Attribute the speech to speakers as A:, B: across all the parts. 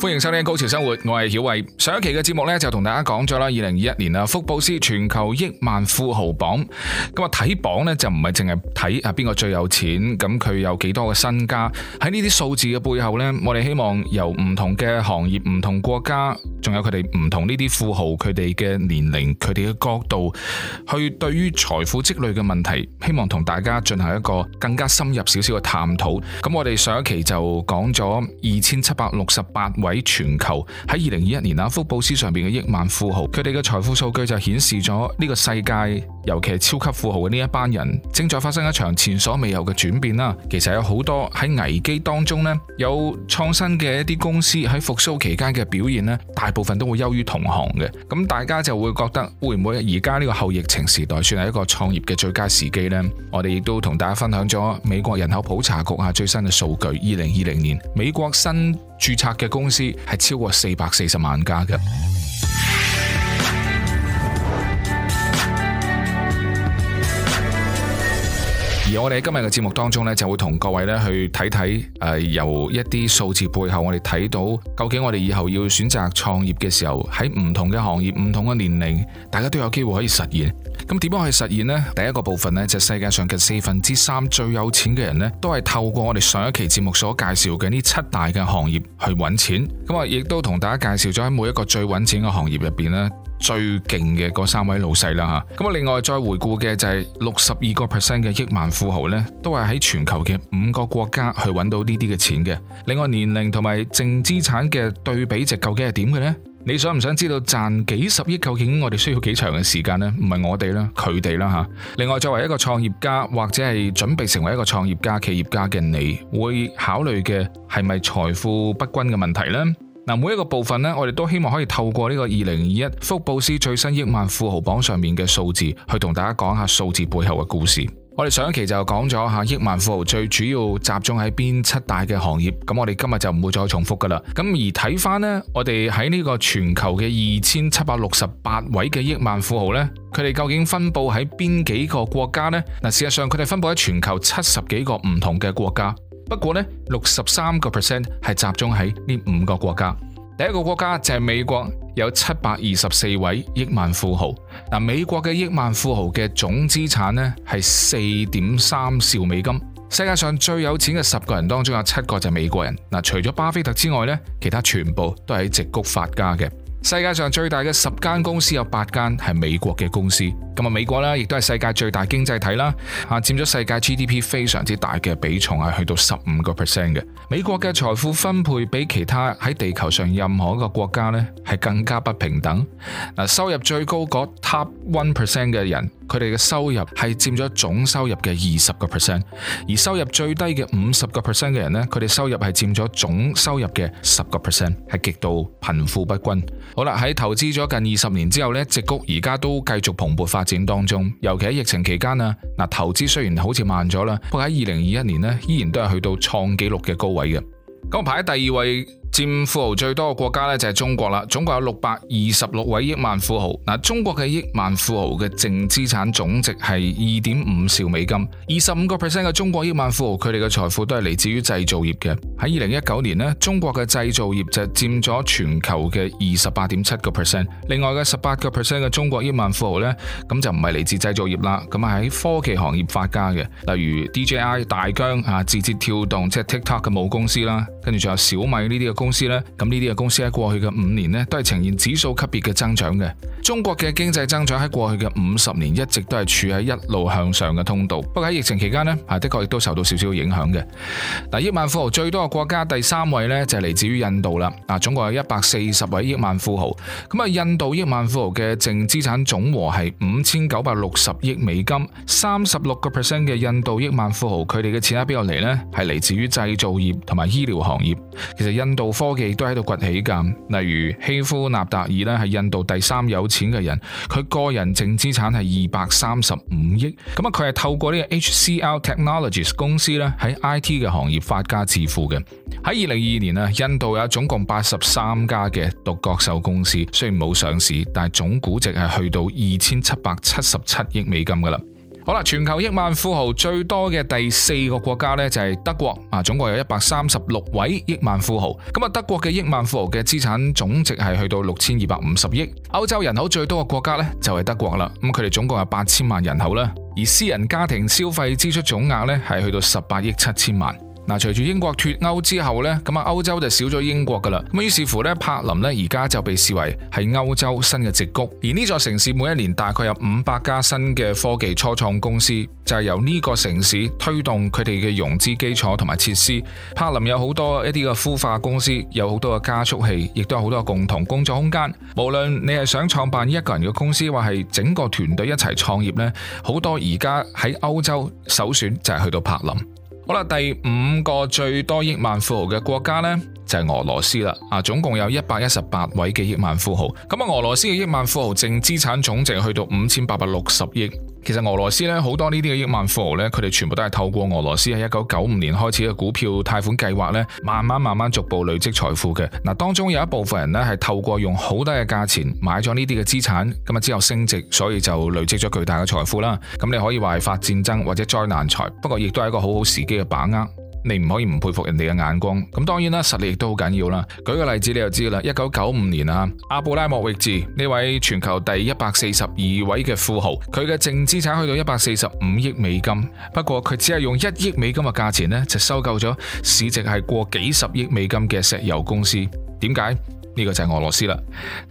A: 歡迎收聽《高潮生活》，我係曉慧。上一期嘅節目呢，就同大家講咗啦，二零二一年啊，福布斯全球億萬富豪榜。咁啊，睇榜呢，就唔係淨係睇啊邊個最有錢，咁佢有幾多個身家。喺呢啲數字嘅背後呢，我哋希望由唔同嘅行業、唔同國家，仲有佢哋唔同呢啲富豪，佢哋嘅年齡、佢哋嘅角度，去對於財富積累嘅問題，希望同大家進行一個更加深入少少嘅探討。咁我哋上一期就講咗二千七百六十八位。喺全球喺二零二一年啊，福布斯上邊嘅億萬富豪，佢哋嘅財富數據就顯示咗呢個世界。尤其係超級富豪嘅呢一班人，正在發生一場前所未有嘅轉變啦。其實有好多喺危機當中呢，有創新嘅一啲公司喺復甦期間嘅表現呢，大部分都會優於同行嘅。咁大家就會覺得，會唔會而家呢個後疫情時代算係一個創業嘅最佳時機呢？我哋亦都同大家分享咗美國人口普查局啊最新嘅數據：二零二零年美國新注冊嘅公司係超過四百四十萬家嘅。而我哋今日嘅節目當中呢，就會同各位呢去睇睇，誒、呃、由一啲數字背後我，我哋睇到究竟我哋以後要選擇創業嘅時候，喺唔同嘅行業、唔同嘅年齡，大家都有機會可以實現。咁點樣去實現呢？第一個部分呢，就係、世界上嘅四分之三最有錢嘅人呢，都係透過我哋上一期節目所介紹嘅呢七大嘅行業去揾錢。咁啊，亦都同大家介紹咗喺每一個最揾錢嘅行業入邊呢。最勁嘅嗰三位老細啦吓，咁啊另外再回顧嘅就係六十二個 percent 嘅億萬富豪呢，都係喺全球嘅五個國家去揾到呢啲嘅錢嘅。另外年齡同埋淨資產嘅對比值究竟係點嘅呢？你想唔想知道賺幾十億究竟我哋需要幾長嘅時間呢？唔係我哋啦，佢哋啦吓，另外作為一個創業家或者係準備成為一個創業家、企業家嘅你，會考慮嘅係咪財富不均嘅問題呢？每一個部分咧，我哋都希望可以透過呢個二零二一福布斯最新億萬富豪榜上面嘅數字，去同大家講下數字背後嘅故事。我哋上一期就講咗下億萬富豪最主要集中喺邊七大嘅行業。咁我哋今日就唔會再重複噶啦。咁而睇翻，呢我哋喺呢個全球嘅二千七百六十八位嘅億萬富豪呢，佢哋究竟分佈喺邊幾個國家呢？嗱，事實上佢哋分佈喺全球七十幾個唔同嘅國家。不過呢，六十三個 percent 係集中喺呢五個國家。第一個國家就係美國，有七百二十四位億萬富豪。嗱，美國嘅億萬富豪嘅總資產呢，係四點三兆美金。世界上最有錢嘅十個人當中有七個就係美國人。嗱，除咗巴菲特之外呢，其他全部都係喺直谷發家嘅。世界上最大嘅十間公司有八間係美國嘅公司，咁啊美國啦，亦都係世界最大經濟體啦，啊佔咗世界 GDP 非常之大嘅比重係去到十五個 percent 嘅。美國嘅財富分配比其他喺地球上任何一個國家呢，係更加不平等。嗱，收入最高嗰 top one percent 嘅人。佢哋嘅收入係佔咗總收入嘅二十個 percent，而收入最低嘅五十個 percent 嘅人呢，佢哋收入係佔咗總收入嘅十個 percent，係極度貧富不均。好啦，喺投資咗近二十年之後呢，植谷而家都繼續蓬勃發展當中，尤其喺疫情期間啊，嗱投資雖然好似慢咗啦，不過喺二零二一年呢，依然都係去到創紀錄嘅高位嘅。咁排喺第二位。佔富豪最多嘅國家呢，就係中國啦，總共有六百二十六位億萬富豪。嗱，中國嘅億萬富豪嘅淨資產總值係二點五兆美金，二十五個 percent 嘅中國億萬富豪佢哋嘅財富都係嚟自於製造業嘅。喺二零一九年呢，中國嘅製造業就佔咗全球嘅二十八點七個 percent。另外嘅十八個 percent 嘅中國億萬富豪呢，咁就唔係嚟自製造業啦，咁啊喺科技行業發家嘅，例如 DJI 大疆啊、字節跳動即係、就是、TikTok 嘅母公司啦，跟住仲有小米呢啲嘅。公司呢，咁呢啲嘅公司喺過去嘅五年呢都係呈現指數級別嘅增長嘅。中國嘅經濟增長喺過去嘅五十年一直都係處喺一路向上嘅通道。不過喺疫情期間呢，啊的確亦都受到少少影響嘅。嗱，億萬富豪最多嘅國家第三位呢就係嚟自於印度啦。啊，總共有一百四十位億萬富豪。咁啊，印度億萬富豪嘅淨資產總和係五千九百六十億美金，三十六個 percent 嘅印度億萬富豪，佢哋嘅錢喺邊度嚟呢？係嚟自於製造業同埋醫療行業。其實印度。科技都喺度崛起噶，例如希夫納達爾呢，係印度第三有錢嘅人，佢個人淨資產係二百三十五億，咁啊佢係透過呢個 HCL Technologies 公司咧喺 IT 嘅行業發家致富嘅。喺二零二二年啊，印度有總共八十三家嘅獨角獸公司，雖然冇上市，但係總估值係去到二千七百七十七億美金噶啦。好啦，全球億萬富豪最多嘅第四個國家呢就係德國啊，總共有一百三十六位億萬富豪，咁啊德國嘅億萬富豪嘅資產總值係去到六千二百五十億。歐洲人口最多嘅國家呢就係德國啦，咁佢哋總共有八千萬人口啦，而私人家庭消費支出總額呢係去到十八億七千萬。嗱，隨住英國脫歐之後咧，咁啊，歐洲就少咗英國噶啦。咁於是乎咧，柏林咧而家就被視為係歐洲新嘅矽谷。而呢座城市每一年大概有五百家新嘅科技初創公司，就係由呢個城市推動佢哋嘅融資基礎同埋設施。柏林有好多一啲嘅孵化公司，有好多嘅加速器，亦都有好多共同工作空間。無論你係想創辦一個人嘅公司，或係整個團隊一齊創業咧，好多而家喺歐洲首選就係去到柏林。好啦，第五個最多億萬富豪嘅國家呢，就係俄羅斯啦，啊，總共有一百一十八位嘅億萬富豪，咁啊俄羅斯嘅億萬富豪淨資產總值去到五千八百六十億。其實俄羅斯咧好多呢啲嘅億萬富豪咧，佢哋全部都係透過俄羅斯喺一九九五年開始嘅股票貸款計劃咧，慢慢慢慢逐步累積財富嘅。嗱，當中有一部分人咧係透過用好低嘅價錢買咗呢啲嘅資產，咁啊之後升值，所以就累積咗巨大嘅財富啦。咁你可以話係發戰爭或者災難財，不過亦都係一個好好時機嘅把握。你唔可以唔佩服人哋嘅眼光，咁當然啦，實力亦都好緊要啦。舉個例子，你就知啦。一九九五年啊，阿布拉莫域治呢位全球第一百四十二位嘅富豪，佢嘅淨資產去到一百四十五億美金，不過佢只係用一億美金嘅價錢呢，就收購咗市值係過幾十億美金嘅石油公司。點解？呢個就係俄羅斯啦。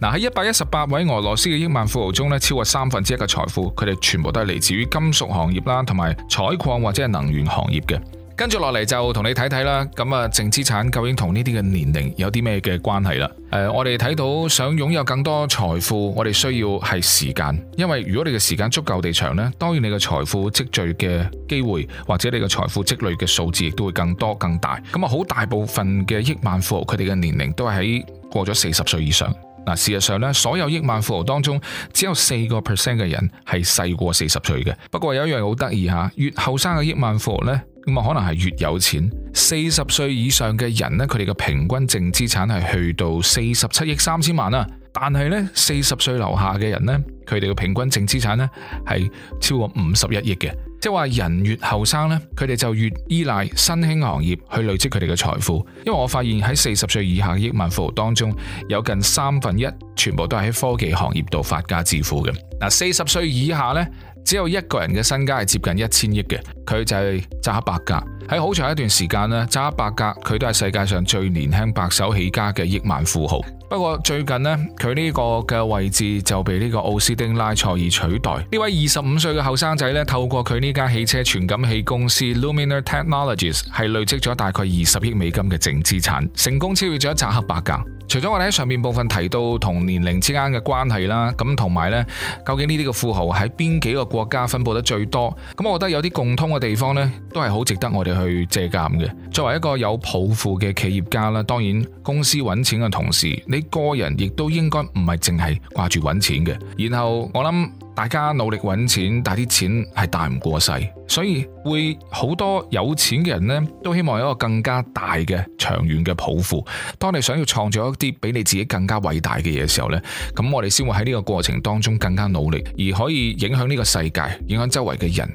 A: 嗱，喺一百一十八位俄羅斯嘅億萬富豪中呢，超過三分之一嘅財富，佢哋全部都係嚟自於金屬行業啦，同埋採礦或者係能源行業嘅。跟住落嚟就同你睇睇啦，咁啊淨資產究竟同呢啲嘅年齡有啲咩嘅關係啦？誒、呃，我哋睇到想擁有更多財富，我哋需要係時間，因為如果你嘅時間足夠地長咧，當然你嘅財富積聚嘅機會或者你嘅財富積累嘅數字亦都會更多更大。咁啊，好大部分嘅億萬富豪佢哋嘅年齡都係喺過咗四十歲以上。嗱，事實上咧，所有億萬富豪當中只有四個 percent 嘅人係細過四十歲嘅。不過有一樣好得意吓，越後生嘅億萬富豪咧。咁啊，可能係越有錢，四十歲以上嘅人呢，佢哋嘅平均淨資產係去到四十七億三千萬啦。但係呢，四十歲樓下嘅人呢，佢哋嘅平均淨資產呢係超過五十一億嘅。即係話人越後生呢，佢哋就越依賴新興行業去累積佢哋嘅財富。因為我發現喺四十歲以下嘅億萬富豪當中，有近三分一全部都係喺科技行業度發家致富嘅。嗱，四十歲以下呢。只有一個人嘅身家係接近一千億嘅，佢就係扎克伯格。喺好長一段時間呢，扎克伯格佢都係世界上最年輕白手起家嘅億萬富豪。不過最近呢，佢呢個嘅位置就被呢個奧斯丁拉塞爾取代。呢位二十五歲嘅後生仔呢，透過佢呢間汽車傳感器公司 Luminar Technologies，係累積咗大概二十億美金嘅淨資產，成功超越咗扎克伯格。除咗我哋喺上面部分提到同年齡之間嘅關係啦，咁同埋呢，究竟呢啲嘅富豪喺邊幾個國家分佈得最多？咁我覺得有啲共通嘅地方呢，都係好值得我哋。去借鑒嘅。作為一個有抱負嘅企業家啦，當然公司揾錢嘅同時，你個人亦都應該唔係淨係掛住揾錢嘅。然後我諗大家努力揾錢，但啲錢係大唔過世，所以會好多有錢嘅人呢，都希望有一個更加大嘅長遠嘅抱負。當你想要創造一啲比你自己更加偉大嘅嘢嘅時候呢，咁我哋先會喺呢個過程當中更加努力，而可以影響呢個世界，影響周圍嘅人。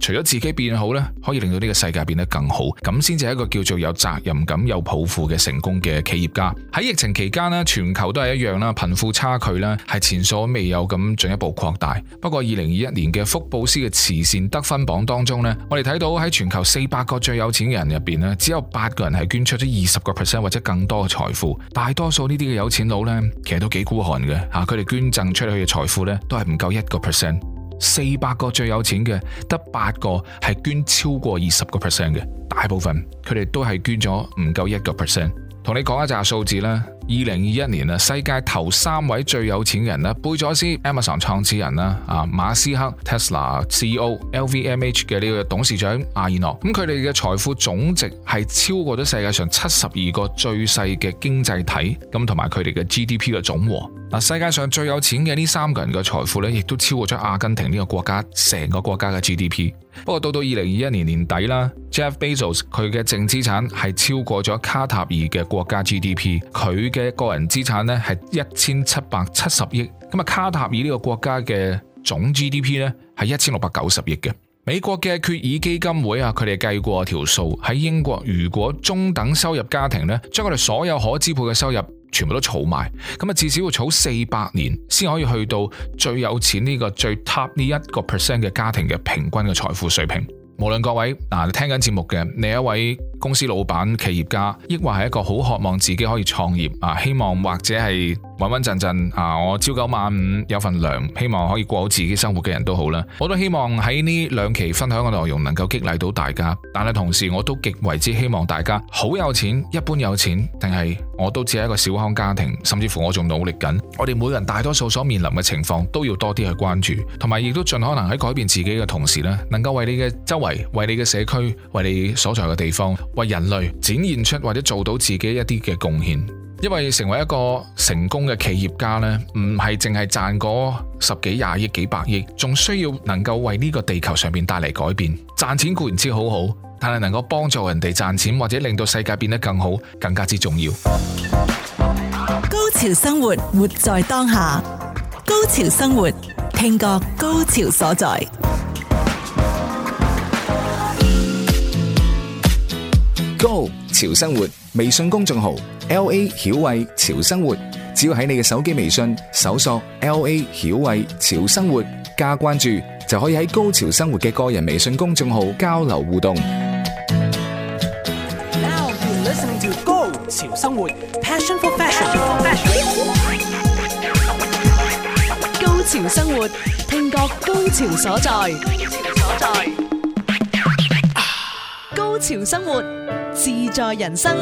A: 除咗自己變好咧，可以令到呢個世界變得更好，咁先至係一個叫做有責任感、有抱負嘅成功嘅企業家。喺疫情期間咧，全球都係一樣啦，貧富差距咧係前所未有咁進一步擴大。不過，二零二一年嘅福布斯嘅慈善得分榜當中咧，我哋睇到喺全球四百個最有錢嘅人入邊咧，只有八個人係捐出咗二十個 percent 或者更多嘅財富。大多數呢啲嘅有錢佬呢，其實都幾孤寒嘅吓，佢哋捐贈出去嘅財富咧，都係唔夠一個 percent。四百個最有錢嘅，得八個係捐超過二十個 percent 嘅，大部分佢哋都係捐咗唔夠一個 percent。同你講一扎數字啦：二零二一年啊，世界頭三位最有錢人啦，貝佐斯、Amazon 創始人啦，啊馬斯克、Tesla CEO、LVMH 嘅呢個董事長阿爾諾，咁佢哋嘅財富總值係超過咗世界上七十二個最細嘅經濟體，咁同埋佢哋嘅 GDP 嘅總和。嗱，世界上最有錢嘅呢三個人嘅財富咧，亦都超過咗阿根廷呢個國家成個國家嘅 GDP。不過到到二零二一年年底啦，Jeff Bezos 佢嘅淨資產係超過咗卡塔爾嘅國家 GDP。佢嘅個人資產呢係一千七百七十億。咁啊，卡塔爾呢個國家嘅總 GDP 呢係一千六百九十億嘅。美國嘅決議基金會啊，佢哋計過條數喺英國，如果中等收入家庭呢，將佢哋所有可支配嘅收入全部都儲埋，咁啊至少要儲四百年，先可以去到最有錢呢個最 top 呢一個 percent 嘅家庭嘅平均嘅財富水平。無論各位嗱，聽緊節目嘅你一位。公司老闆、企業家，抑或係一個好渴望自己可以創業啊，希望或者係穩穩陣陣啊。我朝九晚五有份糧，希望可以過好自己生活嘅人都好啦。我都希望喺呢兩期分享嘅內容能夠激勵到大家，但係同時我都極為之希望大家好有錢，一般有錢，定係我都只係一個小康家庭，甚至乎我仲努力緊。我哋每人大多數所面臨嘅情況，都要多啲去關注，同埋亦都盡可能喺改變自己嘅同時咧，能夠為你嘅周圍、為你嘅社區、為你所在嘅地方，為人類展現出或者做到自己一啲嘅貢獻，因為成為一個成功嘅企業家咧，唔係淨係賺個十幾廿億幾百億，仲需要能夠為呢個地球上面帶嚟改變。賺錢固然之好好，但係能夠幫助人哋賺錢或者令到世界變得更好，更加之重要。高潮生活，活在當下；高潮生活，聽覺高潮所在。高潮生活微信公眾號 L A 曉慧潮生活，只要喺你嘅手機微信搜索 L A 曉慧潮生活加關注，就可以喺高潮生活嘅個人微信公眾號交流互動。Now you listening to 高潮生活，passion for fashion。高潮生活，聽覺高潮所在。高潮所在。高潮生活。自在人生，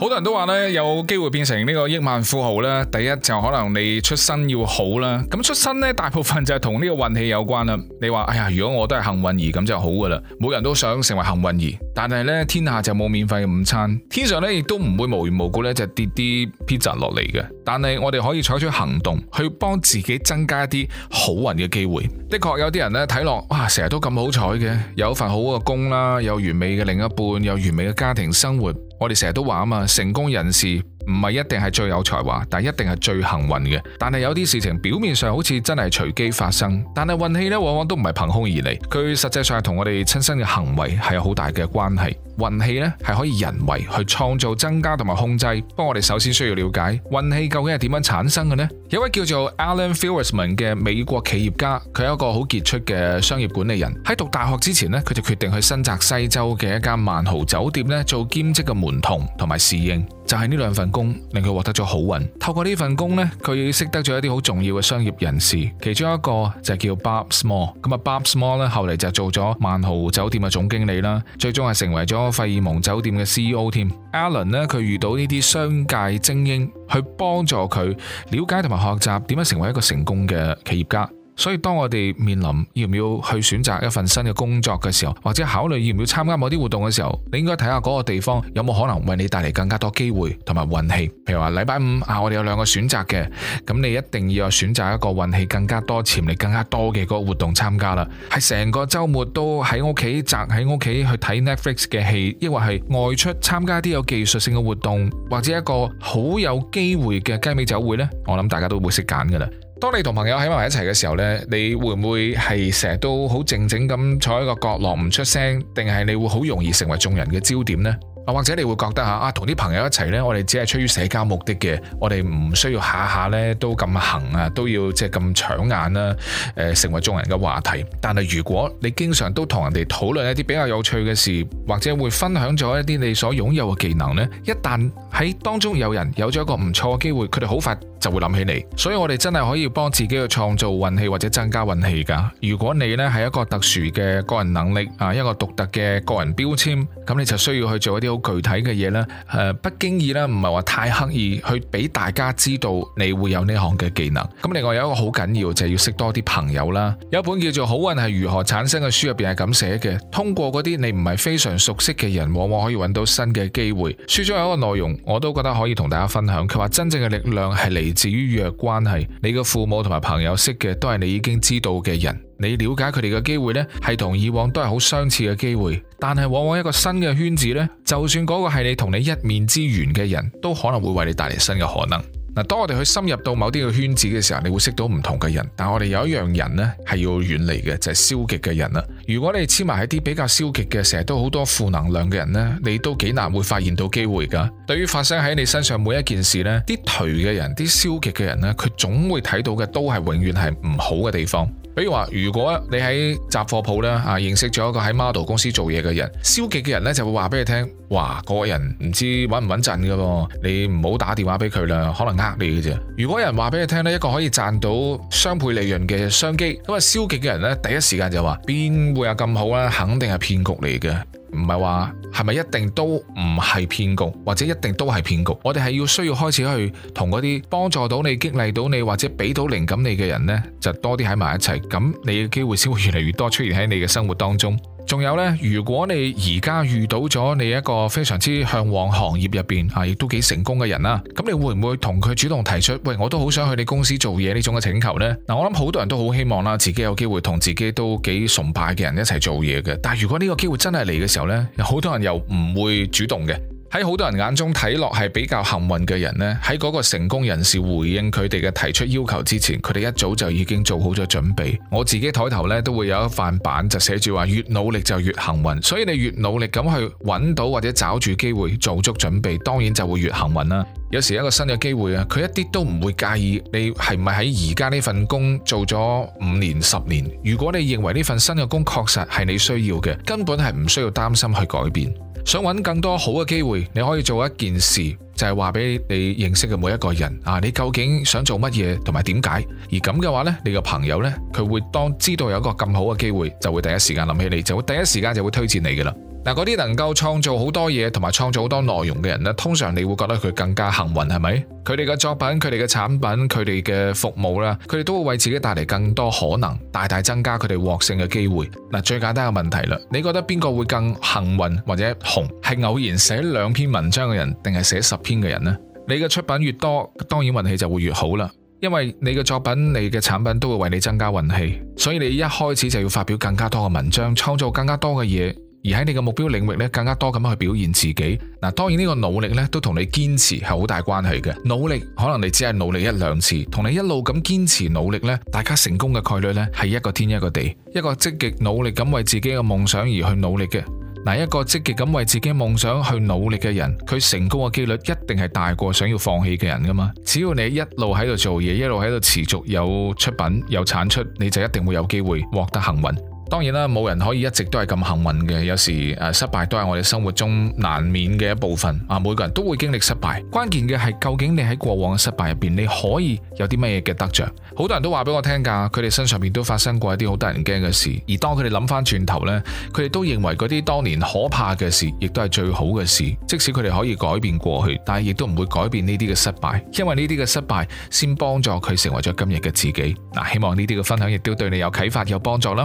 A: 好多人都話咧，有機會變成呢個億萬富豪。呢第一就可能你出身要好啦，咁出身呢，大部分就係同呢個運氣有關啦。你話哎呀，如果我都係幸運兒咁就好噶啦，每人都想成為幸運兒。但係咧，天下就冇免費嘅午餐，天上咧亦都唔會無緣無故咧就跌啲披薩落嚟嘅。但係我哋可以採取行動去幫自己增加一啲好運嘅機會。的確有啲人咧睇落，哇，成日都咁好彩嘅，有份好嘅工啦，有完美嘅另一半，有完美嘅家庭生活。我哋成日都話啊嘛，成功人士。唔係一定係最有才華，但一定係最幸運嘅。但係有啲事情表面上好似真係隨機發生，但係運氣呢往往都唔係憑空而嚟，佢實際上係同我哋親身嘅行為係有好大嘅關係。運氣呢係可以人為去創造、增加同埋控制。不過我哋首先需要了解運氣究竟係點樣產生嘅呢？有位叫做 Alan Fuerstman 嘅美國企業家，佢係一個好傑出嘅商業管理人。喺讀大學之前呢，佢就決定去新澤西州嘅一間萬豪酒店呢做兼職嘅門童同埋侍應。就係呢兩份工令佢獲得咗好運。透過呢份工呢，佢識得咗一啲好重要嘅商業人士，其中一個就叫 Bob Small。咁啊，Bob Small 呢，後嚟就做咗萬豪酒店嘅總經理啦，最終係成為咗費爾蒙酒店嘅 CEO 添。Alan 呢，佢遇到呢啲商界精英去幫助佢了解同埋學習點樣成為一個成功嘅企業家。所以當我哋面臨要唔要去選擇一份新嘅工作嘅時候，或者考慮要唔要參加某啲活動嘅時候，你應該睇下嗰個地方有冇可能為你帶嚟更加多機會同埋運氣。譬如話禮拜五啊，我哋有兩個選擇嘅，咁你一定要選擇一個運氣更加多、潛力更加多嘅嗰個活動參加啦。係成個週末都喺屋企，宅喺屋企去睇 Netflix 嘅戲，抑或係外出參加啲有技術性嘅活動，或者一個好有機會嘅雞尾酒會呢？我諗大家都會識揀噶啦。當你同朋友喺埋一齊嘅時候咧，你會唔會係成日都好靜靜咁坐喺個角落唔出聲，定係你會好容易成為眾人嘅焦點呢？或者你會覺得嚇啊，同啲朋友一齊呢，我哋只係出於社交目的嘅，我哋唔需要下下呢都咁行啊，都要即係咁搶眼啦。誒、呃，成為眾人嘅話題。但係如果你經常都同人哋討論一啲比較有趣嘅事，或者會分享咗一啲你所擁有嘅技能呢，一旦喺當中有人有咗一個唔錯嘅機會，佢哋好快就會諗起你。所以我哋真係可以幫自己去創造運氣或者增加運氣㗎。如果你呢係一個特殊嘅個人能力啊，一個獨特嘅個人標籤，咁你就需要去做一啲。好具體嘅嘢咧，誒，不經意啦，唔係話太刻意去俾大家知道你會有呢行嘅技能。咁另外有一個好緊要就係要識多啲朋友啦。有一本叫做好運係如何產生嘅書入邊係咁寫嘅，通過嗰啲你唔係非常熟悉嘅人，往往可以揾到新嘅機會。書中有一個內容，我都覺得可以同大家分享，佢話真正嘅力量係嚟自於弱關係。你嘅父母同埋朋友識嘅都係你已經知道嘅人。你了解佢哋嘅機會呢，係同以往都係好相似嘅機會，但係往往一個新嘅圈子呢，就算嗰個係你同你一面之緣嘅人，都可能會為你帶嚟新嘅可能。嗱，當我哋去深入到某啲嘅圈子嘅時候，你會識到唔同嘅人，但我哋有一樣人呢，係要遠離嘅，就係消極嘅人啦。如果你黐埋喺啲比較消極嘅，成日都好多負能量嘅人呢，你都幾難會發現到機會噶。對於發生喺你身上每一件事呢，啲頹嘅人、啲消極嘅人呢，佢總會睇到嘅都係永遠係唔好嘅地方。比如話，如果你喺雜貨鋪咧，啊，認識咗一個喺 Model 公司做嘢嘅人，消極嘅人咧就會話俾你聽，哇，嗰個人唔知穩唔穩陣噶噃，你唔好打電話俾佢啦，可能呃你嘅啫。如果有人話俾你聽呢一個可以賺到雙倍利潤嘅商機，咁啊，消極嘅人咧第一時間就話，邊會有咁好呢？肯定係騙局嚟嘅。唔係話係咪一定都唔係騙局，或者一定都係騙局？我哋係要需要開始去同嗰啲幫助到你、激勵到你，或者俾到靈感你嘅人呢，就多啲喺埋一齊，咁你嘅機會先會越嚟越多出現喺你嘅生活當中。仲有呢，如果你而家遇到咗你一個非常之向往行業入面，啊，亦都幾成功嘅人啦，咁你會唔會同佢主動提出喂，我都好想去你公司做嘢呢種嘅請求呢？我諗好多人都好希望啦，自己有機會同自己都幾崇拜嘅人一齊做嘢嘅，但如果呢個機會真係嚟嘅時候呢，好多人又唔會主動嘅。喺好多人眼中睇落係比較幸運嘅人呢，喺嗰個成功人士回應佢哋嘅提出要求之前，佢哋一早就已經做好咗準備。我自己抬頭呢，都會有一塊板就寫住話，越努力就越幸運，所以你越努力咁去揾到或者找住機會做足準備，當然就會越幸運啦。有時有一個新嘅機會啊，佢一啲都唔會介意你係唔係喺而家呢份工做咗五年十年。如果你認為呢份新嘅工確實係你需要嘅，根本係唔需要擔心去改變。想揾更多好嘅機會，你可以做一件事，就係話俾你認識嘅每一個人啊！你究竟想做乜嘢同埋點解？而咁嘅話呢，你個朋友呢，佢會當知道有一個咁好嘅機會，就會第一時間諗起你，就會第一時間就會推薦你㗎喇。嗱，嗰啲能夠創造好多嘢，同埋創造好多內容嘅人咧，通常你會覺得佢更加幸運，係咪？佢哋嘅作品、佢哋嘅產品、佢哋嘅服務啦，佢哋都會為自己帶嚟更多可能，大大增加佢哋獲勝嘅機會。嗱，最簡單嘅問題啦，你覺得邊個會更幸運或者紅？係偶然寫兩篇文章嘅人，定係寫十篇嘅人咧？你嘅出品越多，當然運氣就會越好啦，因為你嘅作品、你嘅產品都會為你增加運氣，所以你一開始就要發表更加多嘅文章，創造更加多嘅嘢。而喺你嘅目標領域呢，更加多咁去表現自己。嗱，當然呢個努力呢，都同你堅持係好大關係嘅。努力可能你只係努力一兩次，同你一路咁堅持努力呢，大家成功嘅概率呢，係一個天一個地。一個積極努力咁為自己嘅夢想而去努力嘅，嗱，一個積極咁為自己夢想去努力嘅人，佢成功嘅幾率一定係大過想要放棄嘅人噶嘛。只要你一路喺度做嘢，一路喺度持續有出品有產出，你就一定會有機會獲得幸運。當然啦，冇人可以一直都係咁幸運嘅，有時誒、呃、失敗都係我哋生活中難免嘅一部分啊、呃。每個人都會經歷失敗，關鍵嘅係究竟你喺過往嘅失敗入邊，你可以有啲乜嘢嘅得着？好多人都話俾我聽噶，佢哋身上面都發生過一啲好得人驚嘅事，而當佢哋諗翻轉頭呢，佢哋都認為嗰啲當年可怕嘅事，亦都係最好嘅事。即使佢哋可以改變過去，但係亦都唔會改變呢啲嘅失敗，因為呢啲嘅失敗先幫助佢成為咗今日嘅自己。嗱、呃，希望呢啲嘅分享亦都對你有啟發、有幫助啦。